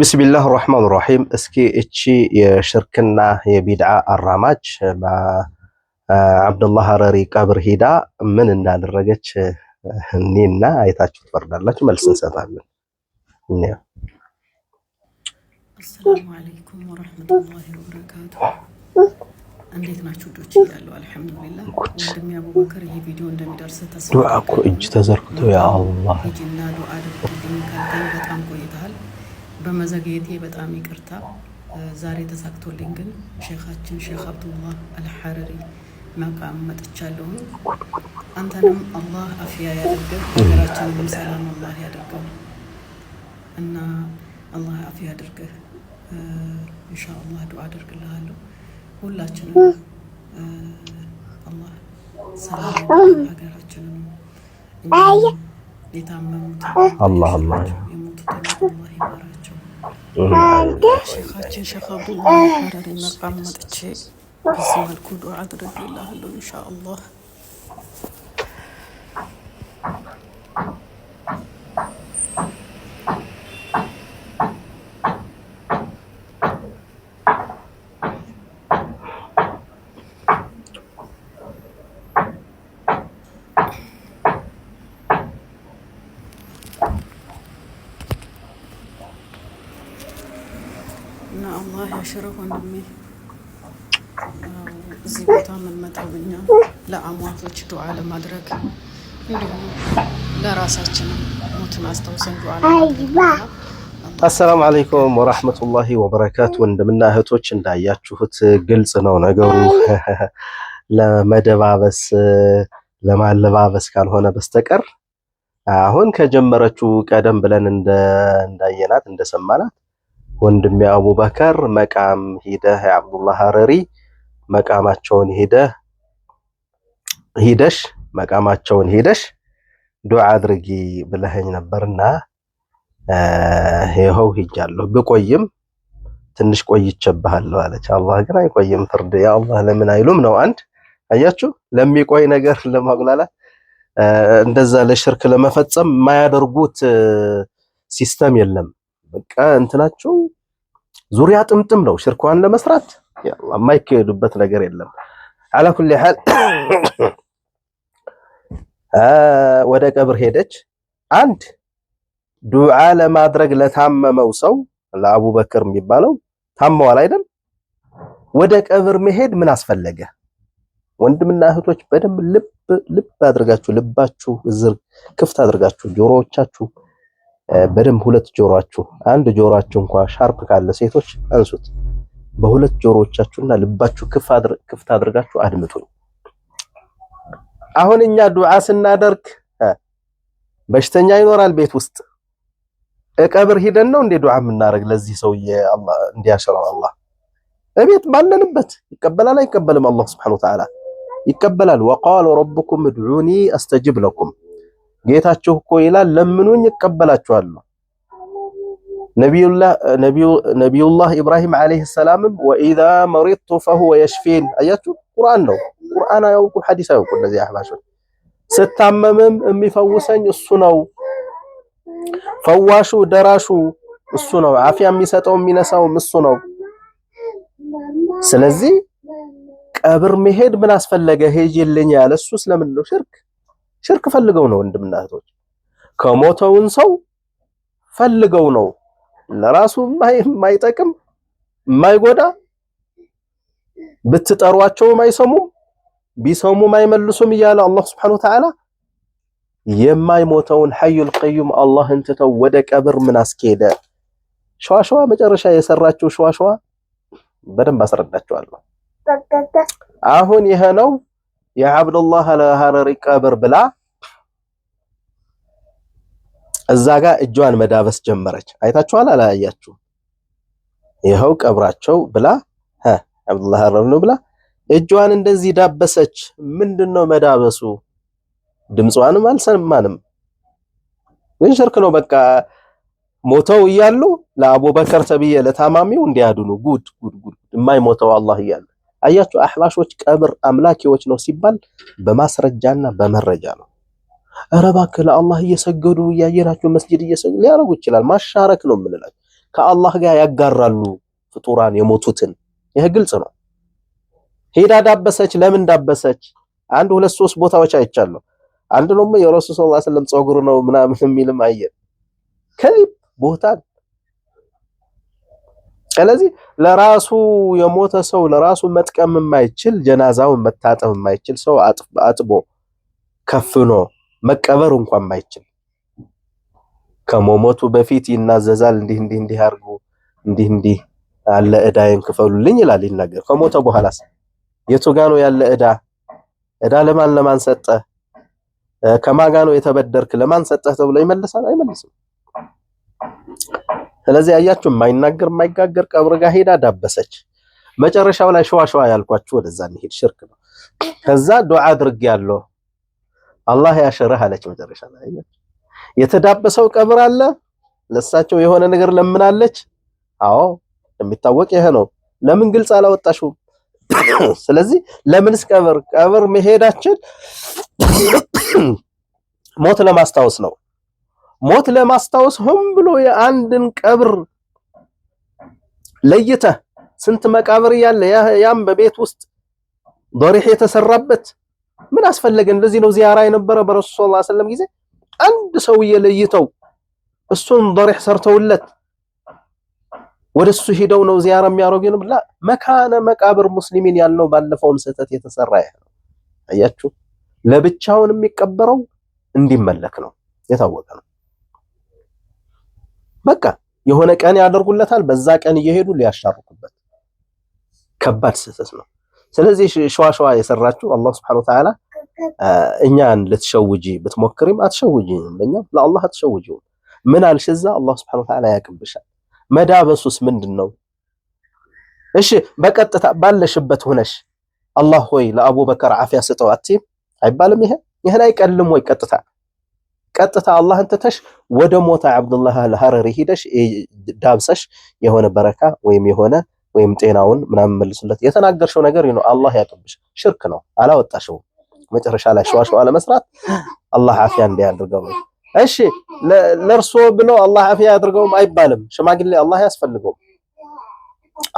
ብስሚላህ ራህማን ራሒም። እስኪ እቺ የሽርክና የቢድዓ አራማጅ በአብዱላህ ሀረሪ ቀብር ሂዳ ምን እንዳደረገች እኔና አይታችሁ ትፈርዳላችሁ። መልስ እንሰጣለን። አሰላሙ አለይኩም ወረህመቱላሂ ወበረካቱ። እንዴት ናችሁ ዶች? እያለሁ አልሐምዱሊላህ። ወንድሜ አቡበከር ይህ ቪዲዮ እንደሚደርስ ተስፋ እጅ ተዘርግቶ ያ ሂጂና ዱዓ አድርግልኝ ካልከኝ በጣም ቆይተሃል። በመዘግየቴ በጣም ይቅርታ። ዛሬ ተሳክቶልኝ ግን ሼካችን ሼክ አብዱላህ አልሐረሪ መቃም መጥቻለሁ። አንተንም አላህ አፍያ ያደርገው፣ ሀገራችንንም ሰላም አላህ ያደርገው እና አላህ አፍያ ያደርገህ። እንሻ አላህ ዱዓ አድርግልሃለሁ። ሁላችንም አላህ ሰላም ሀገራችንን የታመሙት ሸኻችን ሸኻ ቡላ ሐረሪ መቃመጥቼ በዚህ መልኩ ዱዓ አድርግላለሁ ኢንሻ አላህ። አሽረህ ወንድሜ እዚህ ቦታ የምንመጣው እኛ ለአሟቶች ዱዓ ለማድረግ እንዲሁም ለራሳችን ሞትን አስታውሰን ዱዓ ለማድረግ አሰላሙ አለይኩም ወራህመቱላሂ ወበረካቱ። ወንድምና እህቶች እንዳያችሁት ግልጽ ነው ነገሩ። ለመደባበስ ለማለባበስ ካልሆነ በስተቀር አሁን ከጀመረችው ቀደም ብለን እንዳየናት እንደሰማናት ወንድሜ አቡበከር መቃም ሂደህ የአብዱላህ ሀረሪ መቃማቸውን ሂደህ ሂደሽ መቃማቸውን ሂደሽ ዱዓ አድርጊ ብለኸኝ ነበርና ይኸው ሂጃለሁ። ብቆይም ትንሽ ቆይቼብሃለሁ አለች። አላህ ግን አይቆይም። ፍርድ የአላህ ለምን አይሉም ነው። አንድ አያችሁ፣ ለሚቆይ ነገር ለማጉላላት እንደዛ ለሽርክ ለመፈጸም የማያደርጉት ሲስተም የለም። በቃ እንትናቸው ዙሪያ ጥምጥም ነው ሽርኳን ለመስራት የማይካሄዱበት ነገር የለም። አላ ኩሊ ሐል ወደ ቀብር ሄደች። አንድ ዱዓ ለማድረግ ለታመመው ሰው ለአቡበክር የሚባለው ታመዋል አይደል? ወደ ቀብር መሄድ ምን አስፈለገ? ወንድምና እህቶች በደንብ ልብ ልብ አድርጋችሁ ልባችሁ ዝር ክፍት አድርጋችሁ ጆሮዎቻችሁ በደንብ ሁለት ጆሮአችሁ አንድ ጆሮአችሁ እንኳ ሻርፕ ካለ ሴቶች አንሱት። በሁለት ጆሮዎቻችሁና ልባችሁ ክፍት አድርጋችሁ አድምጡኝ። አሁን እኛ ዱዓ ስናደርግ በሽተኛ ይኖራል ቤት ውስጥ እቀብር ሂደን ነው እንደ ዱዓ የምናደርግ ለዚህ ሰውዬ አላህ እንዲያሽራው አላህ እቤት ባለንበት ይቀበላል አይቀበልም? አላህ Subhanahu Wa Ta'ala ይቀበላል። ወቃሉ ረብኩም ድዑኒ አስተጅብ ለኩም። ጌታችሁ እኮ ይላል ለምኑኝ ይቀበላችኋለሁ። ነቢዩላህ ኢብራሂም ዓለይሂ ሰላምም ወኢዛ መሪጡ ፈሁወ የሽፊን። አያችሁ ቁርአን ነው። ቁርአን አያውቁ ሐዲስ አያውቁ እነዚህ አህባሾች። ስታመምም የሚፈውሰኝ እሱ ነው፣ ፈዋሹ ደራሹ እሱ ነው፣ አፍያ የሚሰጠው የሚነሳውም እሱ ነው። ስለዚህ ቀብር መሄድ ምን አስፈለገ? ሄጅልኝ ያለ እሱ ስለምንድን ነው ሽርክ ሽርክ ፈልገው ነው ወንድምና እህቶች፣ ከሞተውን ሰው ፈልገው ነው ለራሱ የማይጠቅም የማይጎዳ ብትጠሯቸውም አይሰሙም ቢሰሙም አይመልሱም እያለ አላህ Subhanahu Wa የማይሞተውን ሐዩል ቀዩም አላህን ትተው ወደ ቀብር ምን አስኬደ? ሸዋሸዋ መጨረሻ የሰራችው ሸዋሸዋ በደንብ አስረዳችኋለሁ። አሁን ይሄ ነው። የአብዱላህ ለሀረሪ ቀብር ብላ እዛ ጋር እጇን መዳበስ ጀመረች። አይታችኋል? አላያችሁም? ይኸው ቀብራቸው ብላ አብዱላህ ሀረሪ ነው ብላ እጇን እንደዚህ ዳበሰች። ምንድነው መዳበሱ? ድምጿንም አልሰማንም። ግን ሽርክ ነው በቃ ሞተው እያሉ ለአቡበከር ተብዬ ለታማሚው እንዲያድኑ ጉድ ጉድ ጉድ የማይሞተው አላህ እያለ አያችሁ አህባሾች ቀብር አምላኪዎች ነው ሲባል በማስረጃና በመረጃ ነው። ኧረ እባክህ ለአላህ እየሰገዱ እያየናቸው መስጂድ እየሰገዱ ሊያረጉ ይችላል። ማሻረክ ነው የምንላቸው። ከአላህ ጋር ያጋራሉ ፍጡራን የሞቱትን። ይህ ግልጽ ነው። ሄዳ ዳበሰች። ለምን ዳበሰች? አንድ ሁለት ሶስት ቦታዎች አይቻለሁ። አንድ ደግሞ የረሱል ሰለላሁ ዐለይሂ ወሰለም ጸጉር ነው ምናምን የሚልም አየን ከቦታ ስለዚህ ለራሱ የሞተ ሰው ለራሱ መጥቀም የማይችል ጀናዛውን መታጠብ የማይችል ሰው አጥቦ ከፍኖ መቀበር እንኳን የማይችል ከመሞቱ በፊት ይናዘዛል። እንዲህ እንዲህ እንዲህ አርጉ እንዲህ እንዲህ አለ እዳይን ክፈሉልኝ ይላል። ይናገር ከሞተ በኋላስ የቱ ጋ ነው ያለ እዳ? እዳ ለማን ለማን ሰጠ? ከማጋ ነው የተበደርክ? ለማን ሰጠህ ተብሎ ይመልሳል? አይመልስም። ስለዚህ አያችሁ የማይናገር የማይጋገር ቀብር ጋር ሄዳ ዳበሰች። መጨረሻው ላይ ሸዋሸዋ ያልኳችሁ ወደዛ እንሄድ ሽርክ ነው። ከዛ ዱዓ አድርግ ያለው አላህ ያሽርህ አለች። መጨረሻ ላይ የተዳበሰው ቀብር አለ። ለሳቸው የሆነ ነገር ለምናለች። አዎ የሚታወቅ ይሄ ነው። ለምን ግልጽ አላወጣሽውም? ስለዚህ ለምንስ ቀብር ቀብር መሄዳችን ሞት ለማስታወስ ነው። ሞት ለማስታወስ ሆን ብሎ የአንድን ቀብር ለይተህ ስንት መቃብር ያለ ያም በቤት ውስጥ ዶሪህ የተሰራበት ምን አስፈለገ? እንደዚህ ነው ዚያራ የነበረ በረሱል ሰለላሁ ዐለይሂ ወሰለም ጊዜ አንድ ሰውዬ ለይተው እሱን ዶሪህ ሰርተውለት ወደሱ ሂደው ነው ዚያራ የሚያደርጉ ብላ መካነ መቃብር ሙስሊሚን ያልነው ባለፈውም ስህተት የተሰራ ያ አያችሁ፣ ለብቻውን የሚቀበረው እንዲመለክ ነው የታወቀ ነው። በቃ የሆነ ቀን ያደርጉለታል። በዛ ቀን እየሄዱ ሊያሻርኩበት ከባድ ስህተት ነው። ስለዚህ ሸዋሸዋ የሰራችው አላህ ስብሐነሁ ወተዓላ እኛን ልትሸውጂ ብትሞክሪም አትሸውጂ፣ በእኛ ለአላህ አትሸውጂ። ምን አልሽ እዛ አላህ ስብሐነሁ ወተዓላ ያቅብሻል። መዳበሱስ ምንድን ነው? እሺ በቀጥታ ባለሽበት ሆነሽ አላህ ሆይ ለአቡበከር አፍያ ስጠው አትይም አይባልም። ይሄ ይሄን አይቀልም ወይ ቀጥታ ቀጥታ አላህን ትተሽ ወደ ሞታ አብዱላህ አልሐረሪ ሂደሽ ዳብሰሽ የሆነ በረካ ወይም የሆነ ወይም ጤናውን ምናምን መልሱለት። የተናገርሽው ነገር ነው አላህ ያቅብሽ። ሽርክ ነው አላወጣሽው። መጨረሻ ላይ ሸዋሸዋ ለመስራት አላህ አፍያ እንዲያድርገው። እሺ ለእርሶ ብሎ አላህ አፍያ ያድርገውም አይባልም። ሽማግሌ አላህ ያስፈልገው።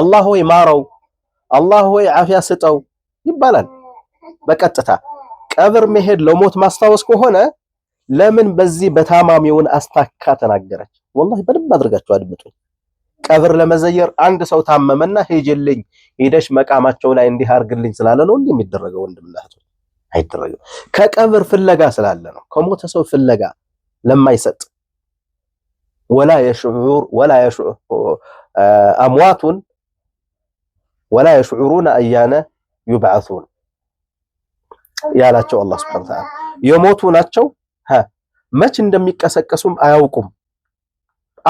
አላህ ሆይ ማረው፣ አላህ ሆይ አፍያ ስጠው ይባላል። በቀጥታ ቀብር መሄድ ለሞት ማስታወስ ከሆነ ለምን በዚህ በታማሚውን አስታካ ተናገረች? ወላሂ በደንብ አድርጋችሁ አድምጡ። ቀብር ለመዘየር አንድ ሰው ታመመና ሄጅልኝ ሄደሽ መቃማቸው ላይ እንዲህ አርግልኝ ስላለ ነው እንዲህ የሚደረገው ወንድምና እህቶች ከቀብር ፍለጋ ስላለ ነው። ከሞተ ሰው ፍለጋ ለማይሰጥ ወላ የሽዑር ወላ የሽዑር አምዋቱን ወላ የሽዑሩና እያነ ዩብዓሱን ያላቸው አላህ ሱብሓነሁ ወተዓላ የሞቱ ናቸው መች እንደሚቀሰቀሱም አያውቁም።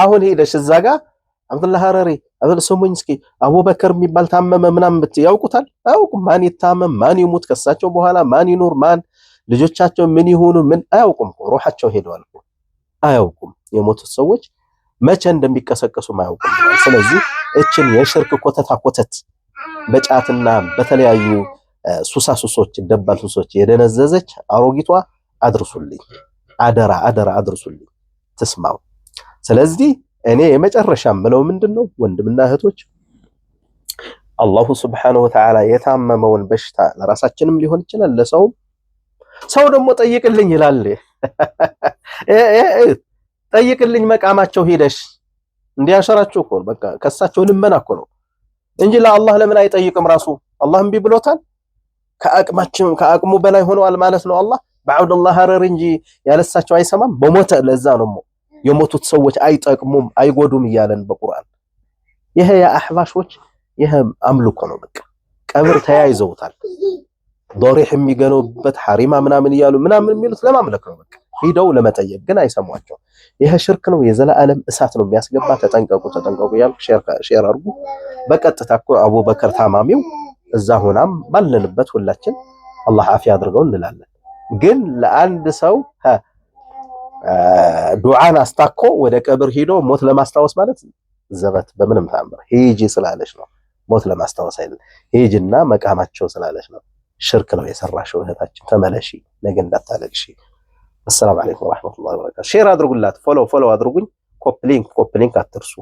አሁን ሄደሽ እዛ ጋር አብዱላ ሀረሪ አብዱል ሰሞኝ አቡበከር የሚባል ታመመ ምናምን ብት ያውቁታል? አያውቁም። ማን ይታመም ማን ይሙት ከሳቸው በኋላ ማን ይኑር ማን ልጆቻቸው ምን ይሆኑ ምን አያውቁም። ሩሓቸው ሄደዋል አያውቁም። የሞቱት ሰዎች መቼ እንደሚቀሰቀሱም አያውቁም። ስለዚህ እችን የሽርክ ኮተታ ኮተት በጫትና በተለያዩ ሱሳሱሶች ደባል ሱሶች የደነዘዘች አሮጊቷ አድርሱልኝ። አደራ አደራ አድርሱልኝ ትስማው። ስለዚህ እኔ የመጨረሻ ምለው ምንድን ነው ወንድምና እህቶች አላሁ ስብሓነሁ ወተዓላ የታመመውን በሽታ ለራሳችንም ሊሆን ይችላል ለሰውም ሰው ደግሞ ጠይቅልኝ ይላል ጠይቅልኝ መቃማቸው ሂደሽ እንዲያሸራችሁ እኮ በቃ ከሳቸው ልመና እኮ ነው እንጂ ለአላህ ለምን አይጠይቅም ራሱ አላህ እምቢ ብሎታል ከአቅማችን ከአቅሙ በላይ ሆነዋል ማለት ነው አላህ በዐብዱላህ ሀረር እንጂ ያለሳቸው አይሰማም። በሞተ ለዛ ነው የሞቱት ሰዎች አይጠቅሙም አይጎዱም እያለን በቁርአን። ይሄ የአህባሾች ይሄ አምልኮ ነው። በቃ ቀብር ተያይዘውታል። ዶሪህ የሚገነውበት ሐሪማ ምናምን እያሉ ምናምን የሚሉት ለማምለክ ነው። በቃ ሂደው ለመጠየቅ ግን አይሰሟቸው። ይሄ ሽርክ ነው፣ የዘላለም እሳት ነው የሚያስገባ። ተጠንቀቁ ተጠንቀቁ እያልኩ ሼር አድርጉ። በቀጥታ እኮ አቡበከር ታማሚው እዛ ሆናም ባለንበት ሁላችን አላህ አፊያ አድርገው እንላለን። ግን ለአንድ ሰው ዱዓን አስታኮ ወደ ቀብር ሂዶ ሞት ለማስታወስ ማለት ዘበት በምንም ታምር ሂጂ ስላለች ነው። ሞት ለማስታወስ አይደለም። ሂጂና መቃማቸው ስላለች ነው። ሽርክ ነው የሰራሽው እህታችን፣ ተመለሺ፣ ነገ እንዳታለቅሺ። አሰላም አለይኩም ወራህመቱላሂ ወበረካቱ። ሼር አድርጉላት፣ ፎሎ ፎሎ አድርጉኝ። ኮፕሊንክ ኮፕሊንክ አትርሱ።